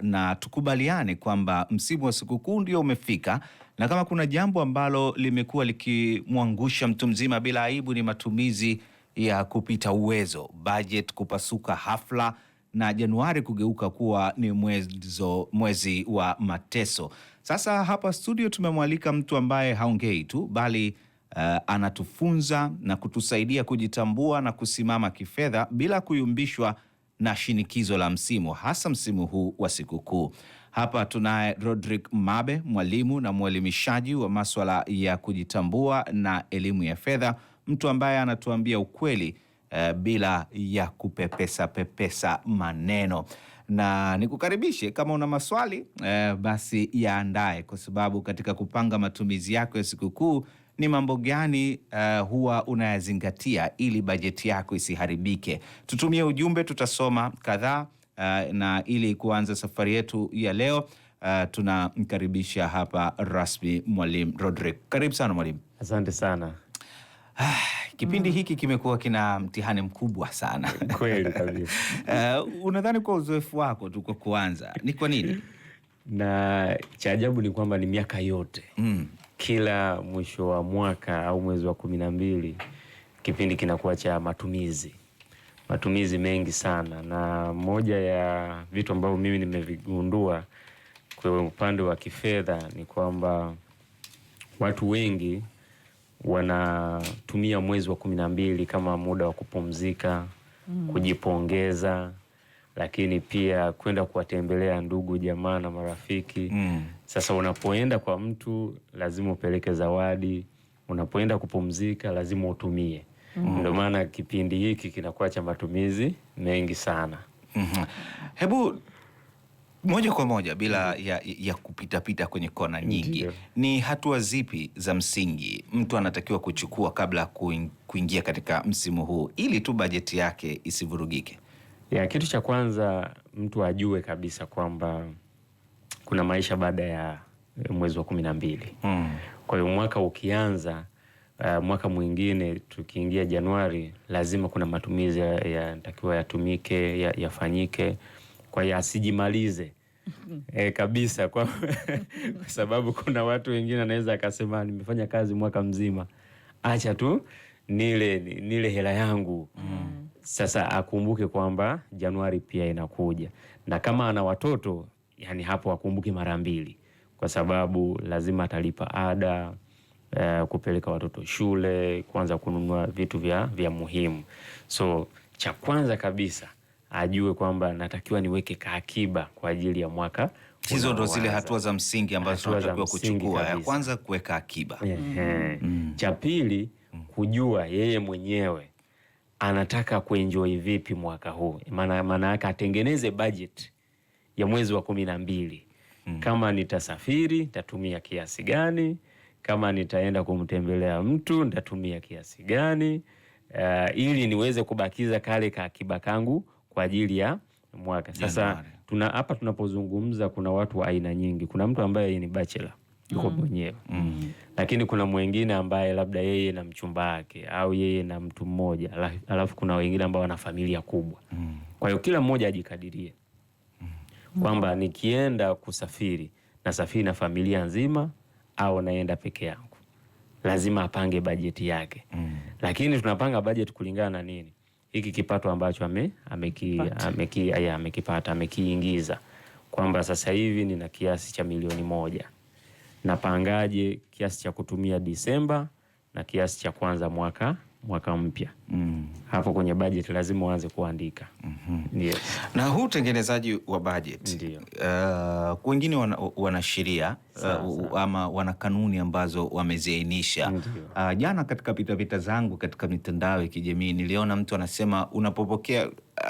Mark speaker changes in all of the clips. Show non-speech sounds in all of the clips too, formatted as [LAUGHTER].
Speaker 1: na tukubaliane kwamba msimu wa sikukuu ndio umefika, na kama kuna jambo ambalo limekuwa likimwangusha mtu mzima bila aibu ni matumizi ya kupita uwezo, budget kupasuka hafla, na Januari kugeuka kuwa ni mwezo, mwezi wa mateso. Sasa hapa studio tumemwalika mtu ambaye haongei tu bali uh, anatufunza na kutusaidia kujitambua na kusimama kifedha bila kuyumbishwa na shinikizo la msimu, hasa msimu huu wa sikukuu. Hapa tunaye Rodrick Mabe, mwalimu na mwelimishaji wa maswala ya kujitambua na elimu ya fedha, mtu ambaye anatuambia ukweli uh, bila ya kupepesa pepesa maneno na nikukaribishe kama una maswali eh, basi yaandae, kwa sababu katika kupanga matumizi yako ya sikukuu ni mambo gani uh, huwa unayazingatia ili bajeti yako isiharibike? Tutumie ujumbe, tutasoma kadhaa uh, na ili kuanza safari yetu ya leo uh, tunamkaribisha hapa rasmi Mwalimu Rodrick. Karibu sana mwalimu.
Speaker 2: Asante sana.
Speaker 1: [SIGHS] kipindi mm, hiki kimekuwa kina mtihani mkubwa sana
Speaker 2: [LAUGHS] kweli kabisa.
Speaker 1: Uh, [LAUGHS] unadhani kwa uzoefu wako tu kwa kuanza ni kwa nini?
Speaker 2: na cha ajabu ni kwamba ni miaka yote mm, kila mwisho wa mwaka au mwezi wa kumi na mbili kipindi kinakuwa cha matumizi, matumizi mengi sana, na moja ya vitu ambavyo mimi nimevigundua kwa upande wa kifedha ni kwamba watu wengi wanatumia mwezi wa kumi na mbili kama muda wa kupumzika mm, kujipongeza, lakini pia kwenda kuwatembelea ndugu jamaa na marafiki mm. Sasa unapoenda kwa mtu lazima upeleke zawadi, unapoenda kupumzika lazima utumie. mm -hmm. Ndio maana kipindi hiki kinakuwa cha matumizi mengi sana. mm -hmm.
Speaker 1: Hebu moja kwa moja bila mhm. ya, ya kupitapita kwenye kona nyingi. Ndiyo. Ni hatua zipi za msingi mtu anatakiwa kuchukua kabla kuingia katika msimu huu ili tu bajeti yake isivurugike?
Speaker 2: Ya, kitu cha kwanza mtu ajue kabisa kwamba kuna maisha baada ya eh, mwezi wa kumi na mbili. Mm. Kwa hiyo mwaka ukianza, uh, mwaka mwingine tukiingia Januari, lazima kuna matumizi yanatakiwa ya yatumike, ya, yafanyike. Kwa hiyo asijimalize [LAUGHS] e, kabisa kwa, [LAUGHS] kwa sababu kuna watu wengine anaweza akasema nimefanya kazi mwaka mzima, acha tu nile nile hela yangu. Mm. Sasa akumbuke kwamba Januari pia inakuja na kama ana watoto yani hapo akumbuki mara mbili, kwa sababu lazima atalipa ada e, kupeleka watoto shule, kwanza kununua vitu vya, vya muhimu. So cha kwanza kabisa ajue kwamba natakiwa niweke kaakiba kwa ajili ya mwaka.
Speaker 1: Hizo ndo zile hatua za msingi ambazo tunatakiwa kuchukua. Ya kwanza kuweka akiba. mm.
Speaker 2: mm. Cha pili mm. kujua yeye mwenyewe anataka kuenjoy vipi mwaka huu, maana maana yake atengeneze budget ya mwezi wa kumi na mbili mm. kama nitasafiri nitatumia kiasi gani, kama nitaenda kumtembelea mtu nitatumia kiasi gani, uh, ili niweze kubakiza kale ka akiba kangu kwa ajili ya mwaka sasa. Tuna hapa tunapozungumza, kuna watu wa aina nyingi. Kuna mtu ambaye ni bachelor yuko mwenyewe mm. mm. lakini kuna mwingine ambaye labda yeye na mchumba wake au yeye na mtu mmoja, alafu kuna wengine ambao wana familia kubwa mm. kwa hiyo kila mmoja ajikadirie kwamba nikienda kusafiri nasafiri na familia nzima au naenda peke yangu, lazima apange bajeti yake mm. Lakini tunapanga bajeti kulingana na nini? Hiki kipato ambacho amekipata ameki, ameki, amekiingiza kwamba sasa hivi nina kiasi cha milioni moja, napangaje kiasi cha kutumia Disemba na kiasi cha kwanza mwaka mwaka mpya mm. Hapo kwenye bajeti lazima uanze kuandika mm -hmm.
Speaker 1: Yes. Na huu utengenezaji wa bajeti uh, eh, wengine wana, wana sheria uh, ama wana kanuni ambazo wameziainisha. Uh, jana katika pitapita zangu katika mitandao ya kijamii niliona mtu anasema unapopokea Uh,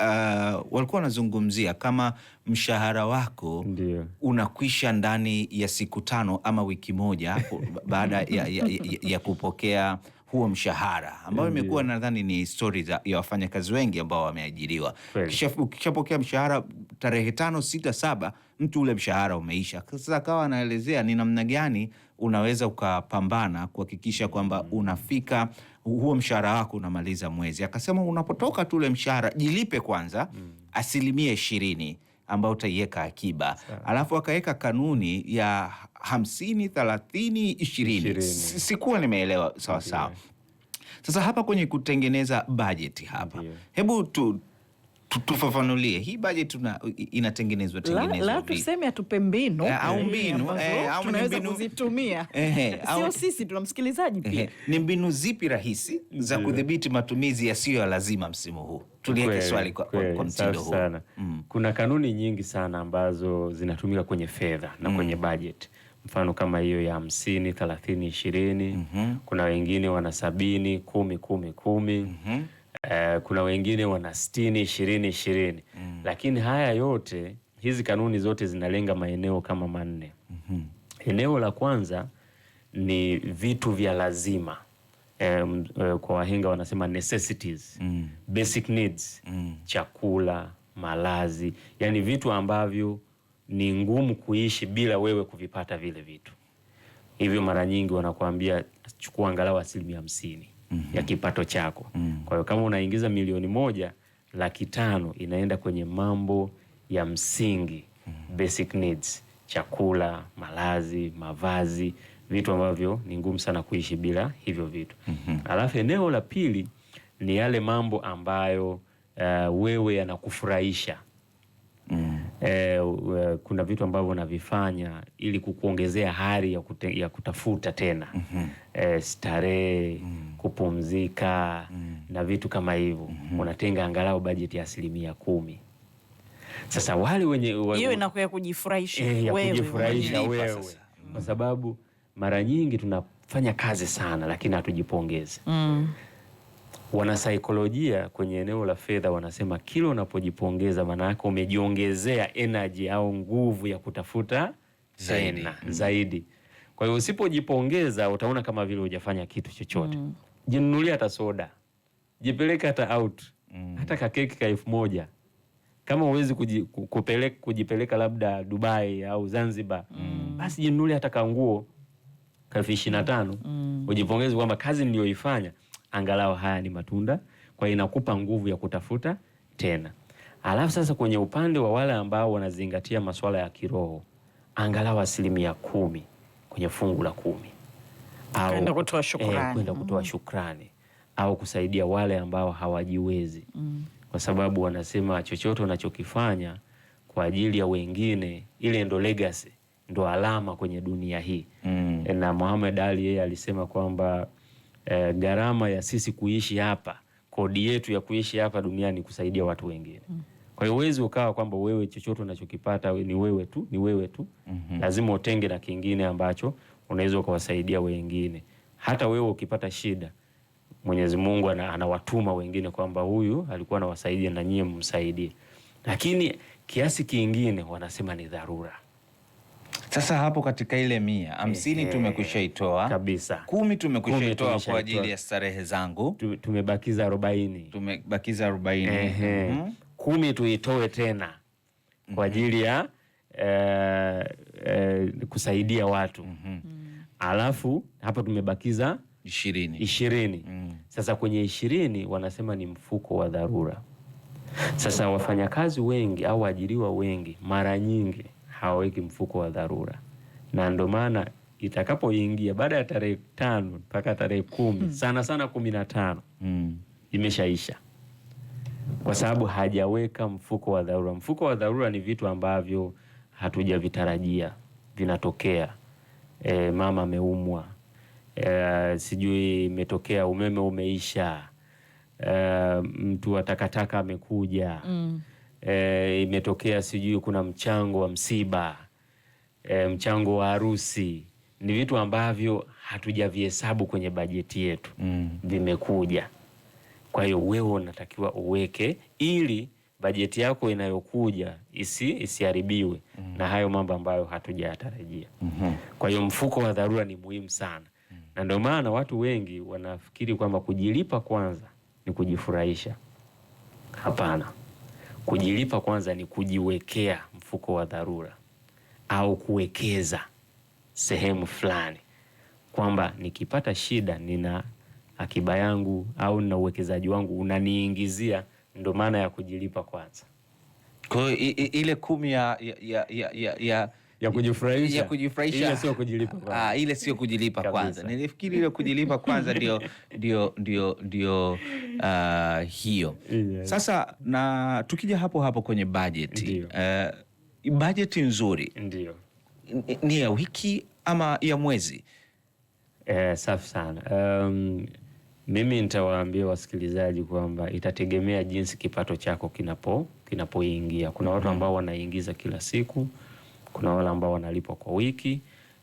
Speaker 1: walikuwa wanazungumzia kama mshahara wako Ndiyo. unakwisha ndani ya siku tano ama wiki moja [LAUGHS] baada ya, ya, ya, ya kupokea huo mshahara ambayo imekuwa nadhani ni stori ya wafanyakazi wengi ambao wameajiriwa. Ukishapokea mshahara tarehe tano, sita, saba, mtu ule mshahara umeisha. Sasa akawa anaelezea ni namna gani unaweza ukapambana kuhakikisha kwamba mm. unafika huo mshahara wako unamaliza mwezi. Akasema unapotoka tu ule mshahara jilipe kwanza mm. asilimia ishirini ambayo utaiweka akiba Sawa. Alafu akaweka kanuni ya hamsini thalathini ishirini, sikuwa nimeelewa sawasawa. Sasa hapa kwenye kutengeneza bajeti hapa, Ndiyo. hebu tu tufafanulie hii bajeti inatengenezwa
Speaker 3: tuseme atupe mbinu eh,
Speaker 1: au mbinu eh,
Speaker 3: eh, tunaweza kuzitumia, [LAUGHS] sio sisi, tuna msikilizaji pia.
Speaker 1: Ni mbinu zipi rahisi za mm. kudhibiti matumizi yasiyo ya lazima msimu huu? Tuliweke swali kwa, kwa mtindo huu sana.
Speaker 2: Mm. Kuna kanuni nyingi sana ambazo zinatumika kwenye fedha na mm. kwenye bajeti mfano kama hiyo ya hamsini thelathini ishirini. mm -hmm. Kuna wengine wana sabini kumi kumi kumi. mm -hmm eh, kuna wengine wana sitini ishirini ishirini mm. Lakini haya yote hizi kanuni zote zinalenga maeneo kama manne mm -hmm. Eneo la kwanza ni vitu vya lazima Um, kwa wahenga wanasema necessities mm. basic needs mm. chakula, malazi, yani vitu ambavyo ni ngumu kuishi bila wewe kuvipata vile vitu hivyo. Mara nyingi wanakuambia chukua angalau asilimia hamsini -hmm. ya mhm. kipato chako mm -hmm. Kwa hiyo kama unaingiza milioni moja, laki tano inaenda kwenye mambo ya msingi mm -hmm. basic needs, chakula, malazi, mavazi, vitu ambavyo ni ngumu sana kuishi bila hivyo vitu mm -hmm. Alafu eneo la pili ni yale mambo ambayo uh, wewe yanakufurahisha mm. Eh, eh, kuna vitu ambavyo unavifanya ili kukuongezea hari ya, kute, ya kutafuta tena mm -hmm. eh, starehe mm kupumzika mm. na vitu kama hivyo mm -hmm. unatenga angalau bajeti ya asilimia kumi. Sasa wale wenye
Speaker 3: hiyo inakuwa kujifurahisha eh,
Speaker 2: wewe, kwa sababu mara nyingi tunafanya kazi sana lakini hatujipongezi mm. Wanasaikolojia kwenye eneo la fedha wanasema kila unapojipongeza, maana yake umejiongezea energy au nguvu ya kutafuta zaidi, mm. zaidi. Kwa hiyo usipojipongeza utaona kama vile hujafanya kitu chochote mm jinunulia hata soda, jipeleke hata out mm. hata kakeki ka elfu moja kama uwezi kuji, kujipeleka labda Dubai au Zanzibar mm. basi jinunulie hata kanguo ka elfu ishirini na tano mm. ujipongeze kwamba kazi niliyoifanya angalau haya ni matunda, kwa inakupa nguvu ya kutafuta tena. Alafu sasa kwenye upande wa wale ambao wanazingatia masuala ya kiroho, angalau asilimia kumi kwenye fungu la kumi
Speaker 3: Eh, kwenda kutoa shukrani,
Speaker 2: mm. eh, shukrani au kusaidia wale ambao hawajiwezi mm. Kwa sababu wanasema chochote unachokifanya kwa ajili ya wengine, ile ndo legacy, ndo alama kwenye dunia hii mm. Eh, na Muhammad Ali yeye alisema kwamba eh, gharama ya sisi kuishi hapa, kodi yetu ya kuishi hapa duniani kusaidia watu wengine mm. Kwa hiyo huwezi ukawa kwamba wewe chochote unachokipata ni wewe tu, ni wewe tu mm -hmm. Lazima utenge na kingine ambacho unaweza ukawasaidia wengine. Hata wewe ukipata shida, Mwenyezi Mungu anawatuma wengine kwamba huyu alikuwa anawasaidia na nyie mmsaidie. Lakini kiasi kingine wanasema ni dharura.
Speaker 1: Sasa hapo katika ile mia hamsini tumekushaitoa kabisa, kumi tumekushaitoa kwa ajili ya starehe zangu,
Speaker 2: tumebakiza arobaini
Speaker 1: tumebakiza arobaini mm-hmm.
Speaker 2: kumi tuitoe tena kwa mhm. ajili ya eh, eh, kusaidia watu mm-hmm alafu hapa tumebakiza ishirini, ishirini. Mm. Sasa kwenye ishirini wanasema ni mfuko wa dharura. Sasa wafanyakazi wengi au waajiriwa wengi mara nyingi hawaweki mfuko wa dharura, na ndio maana itakapoingia baada ya tarehe tano mpaka tarehe kumi mm. sana sana kumi na tano mm. imeshaisha kwa sababu hajaweka mfuko wa dharura. Mfuko wa dharura ni vitu ambavyo hatujavitarajia vinatokea e, mama ameumwa e, sijui imetokea umeme umeisha e, mtu wa takataka amekuja mm. e, imetokea sijui kuna mchango wa msiba e, mchango wa harusi ni vitu ambavyo hatujavihesabu kwenye bajeti yetu mm. Vimekuja. Kwa hiyo wewe unatakiwa uweke ili bajeti yako inayokuja isi isiharibiwe mm -hmm. na hayo mambo ambayo hatujayatarajia mm -hmm. Kwa hiyo mfuko wa dharura ni muhimu sana mm -hmm. na ndio maana watu wengi wanafikiri kwamba kujilipa kwanza ni kujifurahisha. Hapana, kujilipa kwanza ni kujiwekea mfuko wa dharura au kuwekeza sehemu fulani, kwamba nikipata shida nina akiba yangu au nina uwekezaji wangu unaniingizia Ndo maana ya kujilipa kwanza.
Speaker 1: Kwa hiyo ile kumi ya, ya, ya, ya, ya
Speaker 2: ya kujifurahisha ya
Speaker 1: kujifurahisha, ile
Speaker 2: sio kujilipa ah, kwanza. Ah, ile sio kujilipa
Speaker 1: kwanza. Nilifikiri ile kujilipa kwanza ndio ndio ndio ndio uh, hiyo yes. Sasa na tukija hapo hapo kwenye bajeti uh, eh, bajeti nzuri ndio ni ya wiki ama ya mwezi?
Speaker 2: Eh, safi sana um, mimi nitawaambia wasikilizaji kwamba itategemea jinsi kipato chako kinapo kinapoingia. Kuna watu mm-hmm. ambao wanaingiza kila siku, kuna wale ambao wanalipwa kwa wiki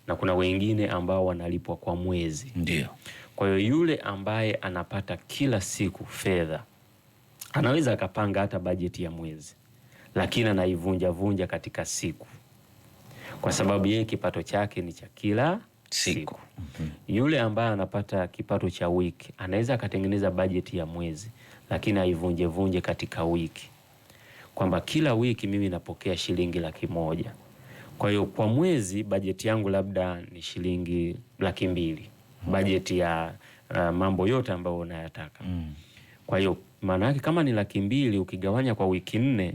Speaker 2: na kuna wengine ambao wanalipwa kwa mwezi. Ndio. Kwa hiyo yule ambaye anapata kila siku fedha anaweza akapanga hata bajeti ya mwezi, lakini anaivunja vunja katika siku, kwa sababu yeye kipato chake ni cha kila siku. Mm -hmm. Yule ambaye anapata kipato cha wiki anaweza akatengeneza bajeti ya mwezi, lakini aivunjevunje katika wiki, kwamba kila wiki mimi napokea shilingi laki moja. Kwa hiyo kwa mwezi bajeti yangu labda ni shilingi laki mbili. Mm -hmm. Bajeti ya uh, mambo yote ambayo unayataka. Mm. Kwa hiyo maana yake kama ni laki mbili ukigawanya kwa wiki nne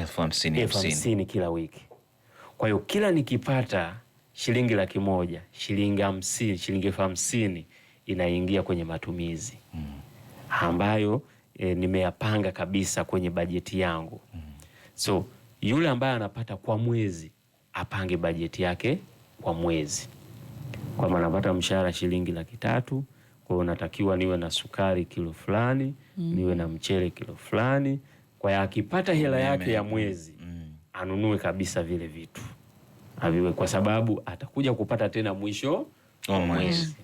Speaker 2: elfu hamsini kila wiki. Kwa hiyo kila nikipata shilingi laki moja, shilingi hamsini, shilingi elfu hamsini inaingia kwenye matumizi mm. ambayo e, nimeyapanga kabisa kwenye bajeti yangu mm. so yule ambaye anapata kwa mwezi apange bajeti yake kwa mwezi, kwamba anapata mshahara shilingi laki tatu, kwa hiyo natakiwa niwe na sukari kilo fulani mm. niwe na mchele kilo fulani. Kwa hiyo akipata hela yake ya mwezi mm. anunue kabisa vile vitu aviwe, kwa sababu atakuja kupata tena mwisho
Speaker 1: wa mwezi.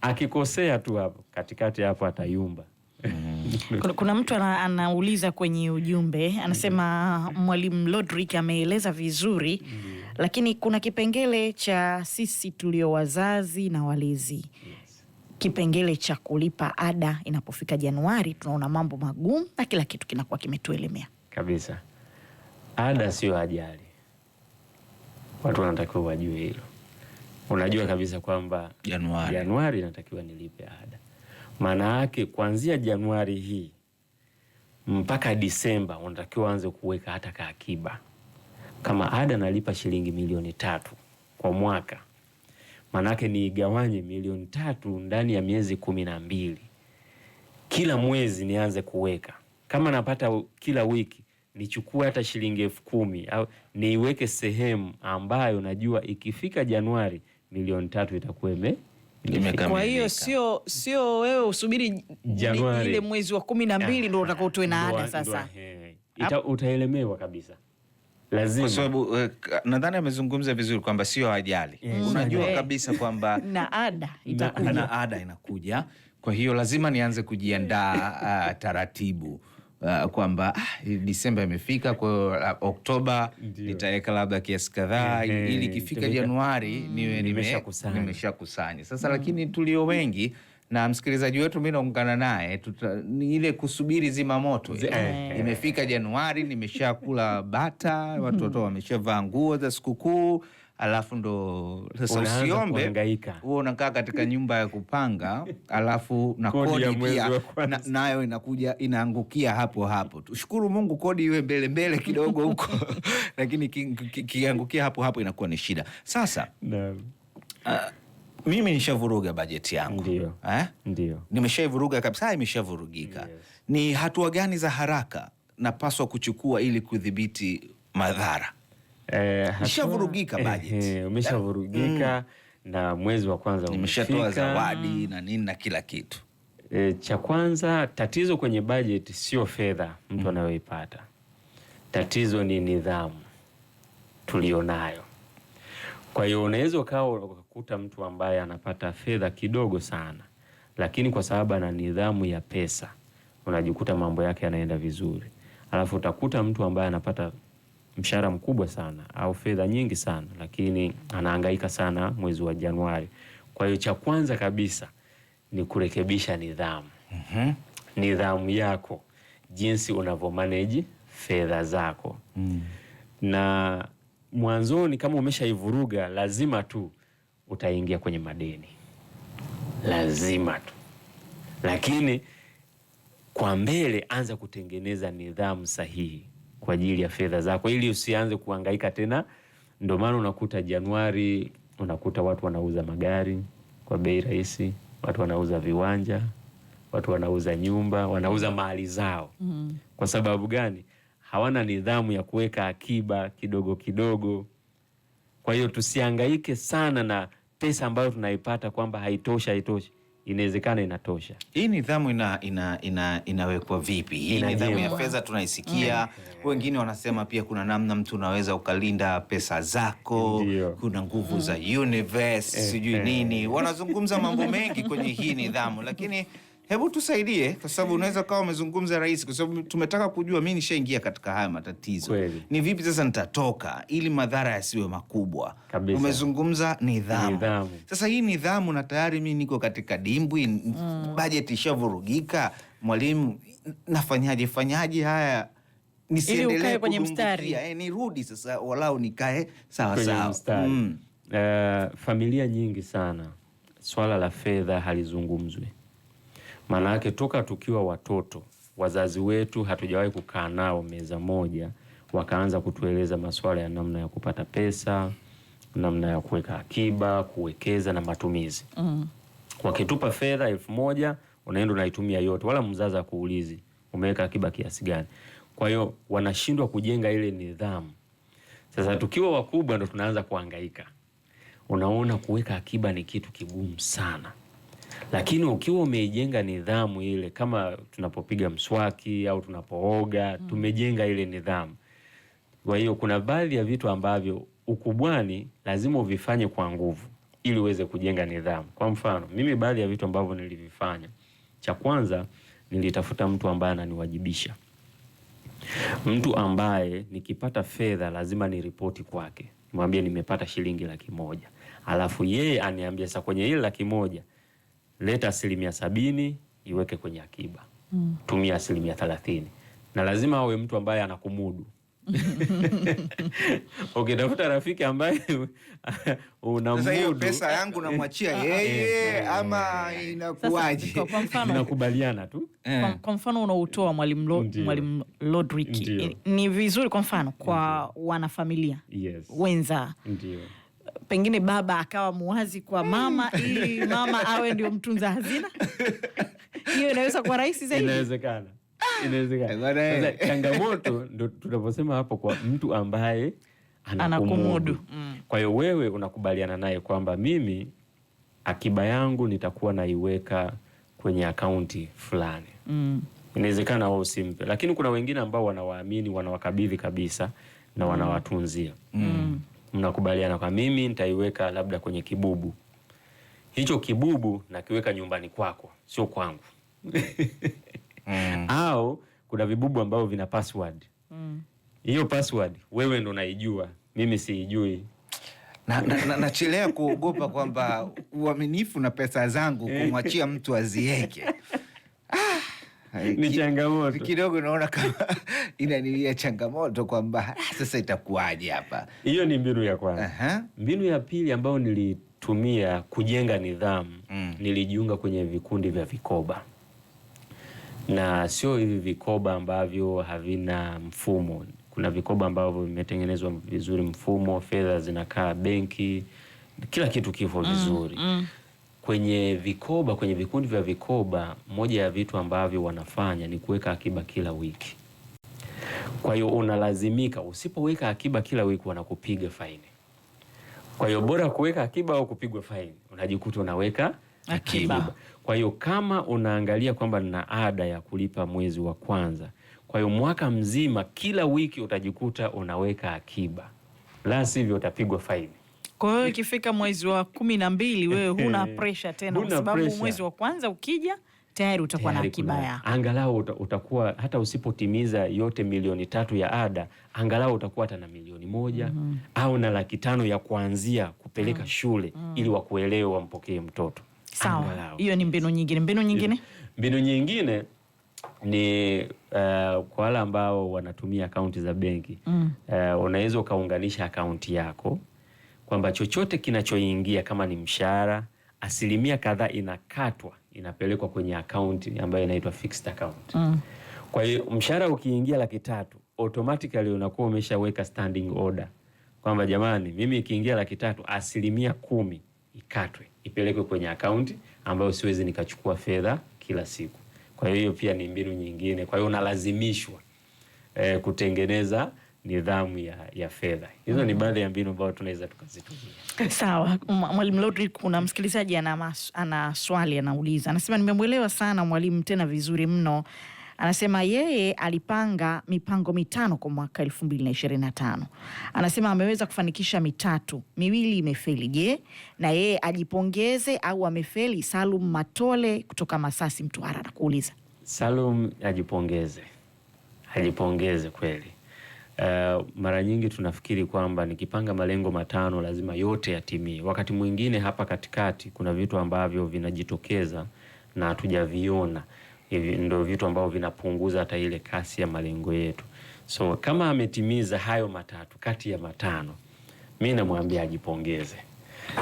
Speaker 2: Akikosea tu hapo katikati hapo atayumba.
Speaker 3: Mm-hmm. Kuna, kuna mtu ana, anauliza kwenye ujumbe anasema mm-hmm. Mwalimu Lodrick ameeleza vizuri mm. Lakini kuna kipengele cha sisi tulio wazazi na walezi Kipengele cha kulipa ada inapofika Januari tunaona mambo magumu na kila kitu kinakuwa kimetuelemea
Speaker 2: kabisa. Ada siyo ajali watu wanatakiwa wajue hilo. Unajua kabisa kwamba Januari, Januari natakiwa nilipe ada. Maana yake kuanzia Januari hii mpaka Disemba unatakiwa anze kuweka hata kaakiba. Kama ada nalipa shilingi milioni tatu kwa mwaka, maanake niigawanye milioni tatu ndani ya miezi kumi na mbili, kila mwezi nianze kuweka. Kama napata kila wiki nichukue hata shilingi elfu kumi au niiweke sehemu ambayo najua ikifika Januari milioni tatu itakuwa ime
Speaker 1: kwa
Speaker 3: hiyo sio sio wewe usubiri Januari ile mwezi wa kumi na mbili ndo utakao utoe na ada sasa.
Speaker 2: Ita, utaelemewa kabisa. Lazima. Kwa
Speaker 1: sababu eh, nadhani amezungumza vizuri kwamba sio ajali. Mm. Unajua eh. kabisa kwamba
Speaker 3: [LAUGHS] na ada
Speaker 1: itakuja. Na ada inakuja. Kwa hiyo lazima nianze kujiandaa uh, taratibu uh, kwamba ah, Disemba imefika, kwa uh, Oktoba nitaweka labda kiasi kadhaa ili ikifika Januari mm. niwe kusanya sasa. mm. Lakini tulio wengi na msikilizaji wetu mi naungana naye ni ile kusubiri zima moto eh. Imefika Januari nimeshakula bata, watoto mm. wameshavaa nguo za sikukuu alafu ndo sasa usiombe huo, unakaa katika nyumba ya kupanga alafu na kodi pia nayo inakuja inaangukia hapo hapo. Tushukuru Mungu kodi iwe mbele mbele [LAUGHS] kidogo huko lakini kiangukia hapo hapo inakuwa ni shida. Sasa uh, mimi nishavuruga bajeti yangu eh? Nimeshaivuruga kabisa, ah, imeshavurugika yes. Ni hatua gani za haraka napaswa kuchukua ili kudhibiti madhara? eh, ishavurugika budget eh, eh,
Speaker 2: umeshavurugika mm. na mwezi wa kwanza umeshatoa
Speaker 1: zawadi na nini na kila kitu
Speaker 2: eh, cha kwanza tatizo kwenye budget sio fedha mtu mm. anayoipata, tatizo ni nidhamu tulionayo. Kwa hiyo unaweza ukawa ukakuta mtu ambaye anapata fedha kidogo sana, lakini kwa sababu ana nidhamu ya pesa unajikuta mambo yake yanaenda vizuri, alafu utakuta mtu ambaye anapata mshahara mkubwa sana au fedha nyingi sana, lakini anahangaika sana mwezi wa Januari. Kwa hiyo cha kwanza kabisa ni kurekebisha nidhamu mm -hmm. nidhamu yako jinsi unavyomanage fedha zako mm. na mwanzoni kama umeshaivuruga lazima tu utaingia kwenye madeni, lazima tu, lakini kwa mbele, anza kutengeneza nidhamu sahihi kwa ajili ya fedha zako ili usianze kuhangaika tena. Ndio maana unakuta Januari unakuta watu wanauza magari kwa bei rahisi, watu wanauza viwanja, watu wanauza nyumba, wanauza mali zao mm. Kwa sababu gani? Hawana nidhamu ya kuweka akiba kidogo kidogo. Kwa hiyo tusihangaike sana na pesa ambayo tunaipata kwamba haitoshi, haitoshi inawezekana inatosha.
Speaker 1: Hii nidhamu ina, ina, ina, inawekwa vipi? Hii nidhamu ya fedha tunaisikia, mm. wengine wanasema pia kuna namna mtu unaweza ukalinda pesa zako Ndiyo. kuna nguvu mm. za universe eh, sijui eh, nini wanazungumza mambo mengi kwenye hii nidhamu lakini Hebu tusaidie kwa sababu unaweza ukawa umezungumza rahisi, kwa sababu tumetaka kujua. mi nishaingia katika haya matatizo Kweli. Ni vipi sasa nitatoka ili madhara yasiwe makubwa kabisa. Umezungumza nidhamu. Nidhamu sasa hii nidhamu, na tayari mi niko katika dimbwi mm. Bajeti ishavurugika, mwalimu, nafanyaje fanyaje haya nisiendelee
Speaker 3: kwenye mstari e,
Speaker 1: nirudi sasa walau nikae sawasawa mm.
Speaker 2: Uh, familia nyingi sana swala la fedha halizungumzwi maana yake toka tukiwa watoto wazazi wetu hatujawahi kukaa nao meza moja wakaanza kutueleza masuala ya namna ya kupata pesa, namna ya kuweka akiba, kuwekeza na matumizi mm. Wakitupa fedha elfu moja unaenda unaitumia yote, wala mzazi akuulizi umeweka akiba kiasi gani. Kwa hiyo wanashindwa kujenga ile nidhamu. Sasa tukiwa wakubwa ndo tunaanza kuangaika, unaona kuweka akiba ni kitu kigumu sana. Lakini ukiwa umeijenga nidhamu ile, kama tunapopiga mswaki au tunapooga, mm. tumejenga ile nidhamu. Kwa hiyo kuna baadhi ya vitu ambavyo ukubwani lazima uvifanye kwa nguvu ili uweze kujenga nidhamu. Kwa mfano, mimi baadhi ya vitu ambavyo nilivifanya, cha kwanza nilitafuta mtu ambaye ananiwajibisha, mtu ambaye nikipata fedha lazima niripoti kwake, mwambie nimepata shilingi laki moja alafu yeye aniambie sasa kwenye ile laki moja leta asilimia sabini iweke kwenye akiba mm. tumia asilimia thelathini na lazima awe mtu ambaye anakumudu [LAUGHS] ukitafuta okay, rafiki ambaye [LAUGHS] unamudu
Speaker 1: pesa yangu namwachia eh. yeye eh. ama eh. inakuwaje?
Speaker 2: Kwa mfano tunakubaliana tu
Speaker 3: kwa, mfano unaotoa mwalimu mwalimu Lodrick ni vizuri, kwa mfano kwa wanafamilia yes. wenza ndio pengine baba akawa muwazi kwa mm. mama ili [LAUGHS] mama awe ndio mtunza hazina [LAUGHS] hiyo inaweza kuwa rahisi zaidi.
Speaker 2: Inawezekana, ah! inawezekana. Changamoto ndo tunaposema hapo kwa mtu ambaye
Speaker 3: anakumudu mm.
Speaker 2: Kwa hiyo wewe unakubaliana naye kwamba mimi akiba yangu nitakuwa naiweka kwenye akaunti fulani mm. Inawezekana wao simpe, lakini kuna wengine ambao wanawaamini, wanawakabidhi kabisa na mm. wanawatunzia mm mnakubaliana kwa mimi nitaiweka labda kwenye kibubu hicho kibubu nakiweka nyumbani kwako, sio kwangu mm. Au kuna vibubu ambavyo vina password mm. hiyo mm. Password wewe ndo naijua, mimi siijui
Speaker 1: nachelea na, na, kuogopa kwamba uaminifu na pesa zangu kumwachia mtu azieke
Speaker 2: ni changamoto
Speaker 1: kidogo, naona kama [LAUGHS] inanilia changamoto kwamba ah, sasa itakuwaje hapa.
Speaker 2: Hiyo ni mbinu ya kwanza. uh -huh. Mbinu ya pili ambayo nilitumia kujenga nidhamu mm. nilijiunga kwenye vikundi vya vikoba na sio hivi vikoba ambavyo havina mfumo. Kuna vikoba ambavyo vimetengenezwa vizuri, mfumo, fedha zinakaa benki, kila kitu kifo mm, vizuri mm, mm kwenye vikoba, kwenye vikundi vya vikoba, moja ya vitu ambavyo wanafanya ni kuweka akiba kila wiki. Kwa hiyo unalazimika, usipoweka akiba kila wiki wanakupiga faini. Kwa hiyo bora kuweka akiba au kupigwa faini, unajikuta unaweka akiba, akiba. Kwa hiyo kama unaangalia kwamba nina ada ya kulipa mwezi wa kwanza, kwa hiyo mwaka mzima kila wiki utajikuta unaweka akiba, la sivyo utapigwa faini.
Speaker 3: Kwa hiyo ikifika mwezi wa kumi na mbili wewe huna presha tena, kwa sababu mwezi wa kwanza ukija tayari utakuwa na akiba yako,
Speaker 2: angalau utakuwa hata usipotimiza yote milioni tatu ya ada, angalau utakuwa hata na milioni moja mm -hmm. au na laki tano ya kuanzia kupeleka mm -hmm. shule mm -hmm. ili wakuelewe, wampokee mtoto
Speaker 3: sawa. Hiyo ni mbinu nyingine. Mbinu nyingine,
Speaker 2: mbinu nyingine ni uh, kwa wale ambao wanatumia akaunti za benki mm. uh, unaweza ukaunganisha akaunti yako kwamba chochote kinachoingia kama ni mshahara, asilimia kadhaa inakatwa inapelekwa kwenye akaunti ambayo inaitwa fixed account mm. Kwa hiyo mshahara ukiingia laki tatu automatically unakuwa umeshaweka standing order kwamba jamani, mimi ikiingia laki tatu asilimia kumi ikatwe ipelekwe kwenye akaunti ambayo siwezi nikachukua fedha kila siku. Kwa hiyo hiyo pia ni mbinu nyingine. Kwa hiyo unalazimishwa eh, kutengeneza nidhamu ya, ya fedha hizo. mm. Ni baadhi ya mbinu ambayo tunaweza tukazitumia.
Speaker 3: Sawa, Mwalimu Lodri, kuna msikilizaji ana, ana swali anauliza, anasema nimemwelewa sana mwalimu, tena vizuri mno. Anasema yeye alipanga mipango mitano kwa mwaka elfu mbili na ishirini na tano. Anasema ameweza kufanikisha mitatu, miwili imefeli. Je, na yeye ajipongeze au amefeli? Salum Matole kutoka Masasi, Mtwara, anakuuliza.
Speaker 2: Salum ajipongeze, ajipongeze kweli Uh, mara nyingi tunafikiri kwamba nikipanga malengo matano lazima yote yatimie. Wakati mwingine hapa katikati kuna vitu ambavyo vinajitokeza na hatujaviona. Hivi ndio vitu ambavyo vinapunguza hata ile kasi ya malengo yetu. So kama ametimiza hayo matatu kati ya matano, mi namwambia ajipongeze.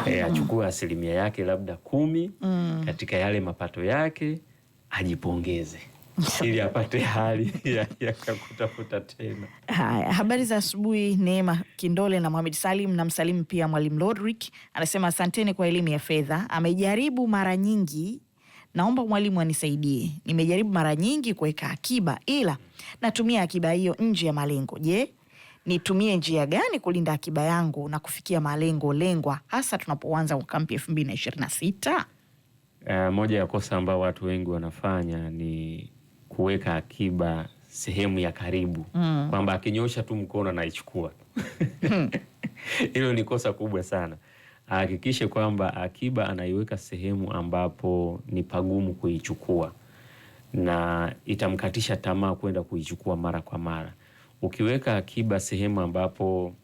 Speaker 2: E, achukue asilimia yake labda kumi mm. katika yale mapato yake ajipongeze. [LAUGHS] ili apate hali [LAUGHS] ya, ya kakutafuta tena.
Speaker 3: Haya, habari za asubuhi. Neema Kindole na Mohamed Salim na msalimu pia Mwalimu Lodrick anasema asanteni kwa elimu ya fedha, amejaribu mara nyingi Naomba mwalimu anisaidie. Nimejaribu mara nyingi kuweka akiba, ila natumia akiba hiyo nje ya malengo. Je, nitumie njia gani kulinda akiba yangu na kufikia malengo lengwa, hasa tunapoanza mwaka mpya elfu mbili na ishirini na sita?
Speaker 2: Uh, moja ya kosa ambayo watu wengi wanafanya ni kuweka akiba sehemu ya karibu mm. kwamba akinyosha tu mkono anaichukua hmm. [LAUGHS] hilo ni kosa kubwa sana. Ahakikishe kwamba akiba anaiweka sehemu ambapo ni pagumu kuichukua na itamkatisha tamaa kwenda kuichukua mara kwa mara. Ukiweka akiba sehemu ambapo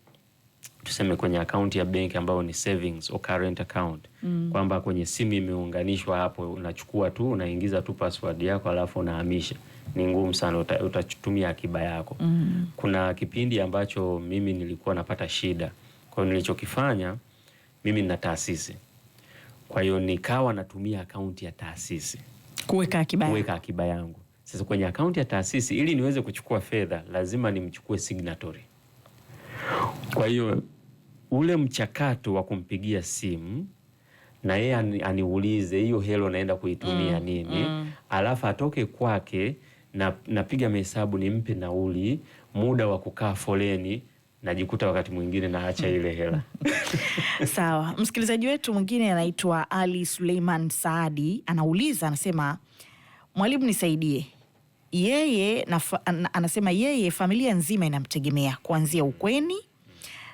Speaker 2: tuseme kwenye akaunti ya benki ambayo ni savings au current account mm. kwamba kwenye simu imeunganishwa hapo, unachukua tu unaingiza tu password yako alafu unahamisha. Ni ngumu sana, utatumia akiba yako mm. Kuna kipindi ambacho mimi nilikuwa napata shida, kwa hiyo nilichokifanya mimi nina taasisi, kwa hiyo nikawa natumia akaunti ya taasisi
Speaker 3: kuweka akiba,
Speaker 2: kuweka akiba yangu. Sasa kwenye akaunti ya taasisi, ili niweze kuchukua fedha lazima nimchukue signatory kwa hiyo ule mchakato wa kumpigia simu na yeye aniulize hiyo hela naenda kuitumia mm, nini mm. Alafu atoke kwake na napiga mahesabu nimpe nauli, muda wa kukaa foleni, najikuta wakati mwingine naacha ile hela
Speaker 3: [LAUGHS] sawa. Msikilizaji wetu mwingine anaitwa Ali Suleiman Saadi anauliza, anasema mwalimu, nisaidie yeye na, anasema yeye familia nzima inamtegemea kuanzia ukweni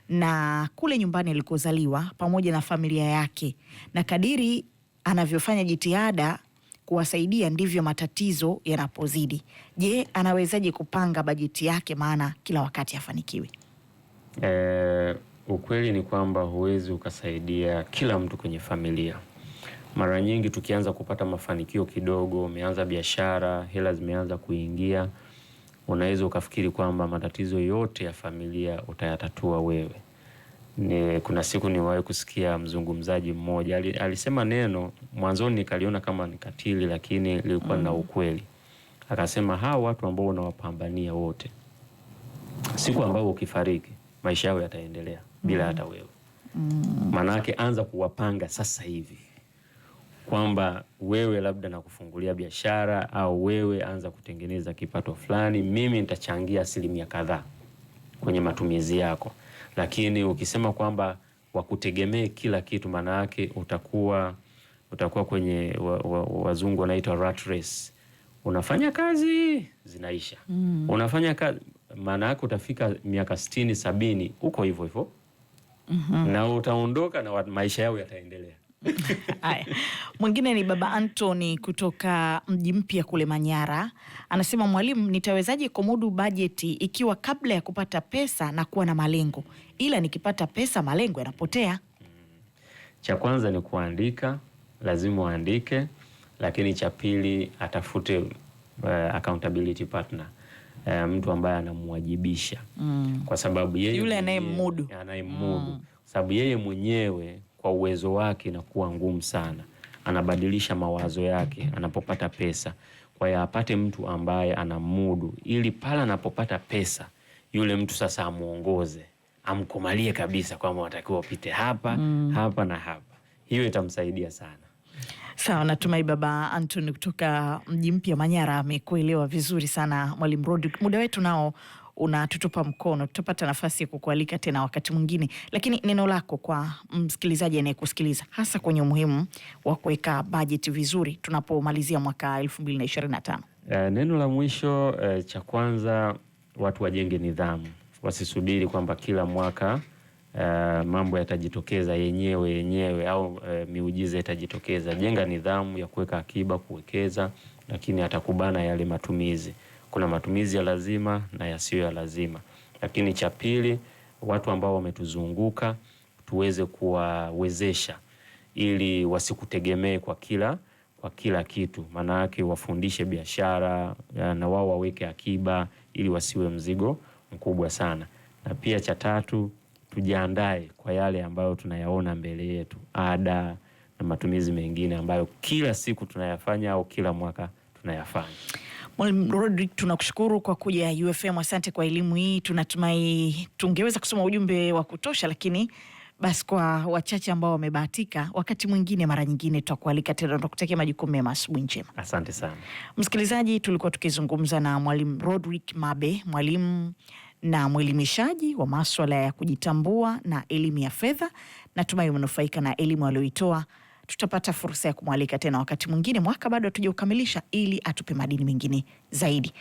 Speaker 3: na kule nyumbani alikozaliwa pamoja na familia yake, na kadiri anavyofanya jitihada kuwasaidia ndivyo matatizo yanapozidi. Je, anawezaje kupanga bajeti yake maana kila wakati afanikiwe? E,
Speaker 2: eh, ukweli ni kwamba huwezi ukasaidia kila mtu kwenye familia mara nyingi tukianza kupata mafanikio kidogo, umeanza biashara, hela zimeanza kuingia, unaweza ukafikiri kwamba matatizo yote ya familia utayatatua wewe. Ni, kuna siku niwahi kusikia mzungumzaji mmoja alisema neno mwanzoni nikaliona kama ni katili, lakini lilikuwa mm, na ukweli. Akasema hawa watu ambao unawapambania wote, siku ambao ukifariki maisha yao yataendelea bila mm. hata mm, wewe mm. Maanake anza kuwapanga sasa hivi kwamba wewe labda nakufungulia biashara au wewe anza kutengeneza kipato fulani, mimi nitachangia asilimia kadhaa kwenye matumizi yako. Lakini ukisema kwamba wakutegemee kila kitu, maana yake utakuwa utakuwa kwenye wa, wa, wazungu wanaitwa rat race. Unafanya kazi zinaisha, mm. unafanya kazi, maana yake utafika miaka sitini sabini huko hivyo hivyo, mm -hmm. na utaondoka na maisha yao yataendelea [LAUGHS]
Speaker 3: Haya, mwingine ni baba Anthony kutoka mji mpya kule Manyara, anasema mwalimu, nitawezaje kumudu bajeti ikiwa kabla ya kupata pesa na kuwa na malengo, ila nikipata pesa malengo yanapotea?
Speaker 2: Cha kwanza ni kuandika, lazima uandike, lakini cha pili atafute uh, accountability partner uh, mtu ambaye anamwajibisha mm. kwa sababu yeye
Speaker 3: yule anayemudu
Speaker 2: anayemudu, mm. sababu yeye mwenyewe kwa uwezo wake inakuwa ngumu sana. Anabadilisha mawazo yake anapopata pesa, kwa hiyo apate mtu ambaye anamudu, ili pale anapopata pesa yule mtu sasa amuongoze, amkumalie kabisa kwamba unatakiwa upite hapa mm. hapa na hapa. Hiyo itamsaidia sana.
Speaker 3: Sawa, natumai baba Anthony kutoka mji mpya Manyara amekuelewa vizuri sana mwalimu Rodrick. Muda wetu nao unatutupa mkono, tutapata nafasi ya kukualika tena wakati mwingine. Lakini neno lako kwa msikilizaji anayekusikiliza hasa kwenye umuhimu wa kuweka bajeti vizuri tunapomalizia mwaka elfu mbili na ishirini na tano.
Speaker 2: E, neno la mwisho e, cha kwanza watu wajenge nidhamu, wasisubiri kwamba kila mwaka uh, mambo yatajitokeza yenyewe yenyewe au uh, miujiza itajitokeza. Jenga nidhamu ya kuweka akiba, kuwekeza, lakini atakubana yale matumizi. Kuna matumizi ya lazima na yasiyo ya lazima. Lakini cha pili, watu ambao wametuzunguka tuweze kuwawezesha ili wasikutegemee kwa kila kwa kila kitu, maana yake wafundishe biashara na wao waweke akiba ili wasiwe mzigo mkubwa sana. Na pia cha tatu, tujiandae kwa yale ambayo tunayaona mbele yetu, ada na matumizi mengine ambayo kila siku tunayafanya au kila mwaka tunayafanya.
Speaker 3: Mwalimu Rodrick, tunakushukuru kwa kuja UFM. Asante kwa elimu hii. Tunatumai tungeweza kusoma ujumbe wa kutosha, lakini basi kwa wachache ambao wamebahatika, wakati mwingine, mara nyingine, tutakualika tena. Tunakutakia majukumu mema, asubuhi njema. Asante sana msikilizaji. Tulikuwa tukizungumza na Mwalimu Rodrick Mabe, mwalimu na mwelimishaji wa maswala ya kujitambua na elimu ya fedha. Natumai umenufaika na elimu aliyoitoa tutapata fursa ya kumwalika tena wakati mwingine, mwaka bado hatujaukamilisha, ili atupe madini mengine zaidi.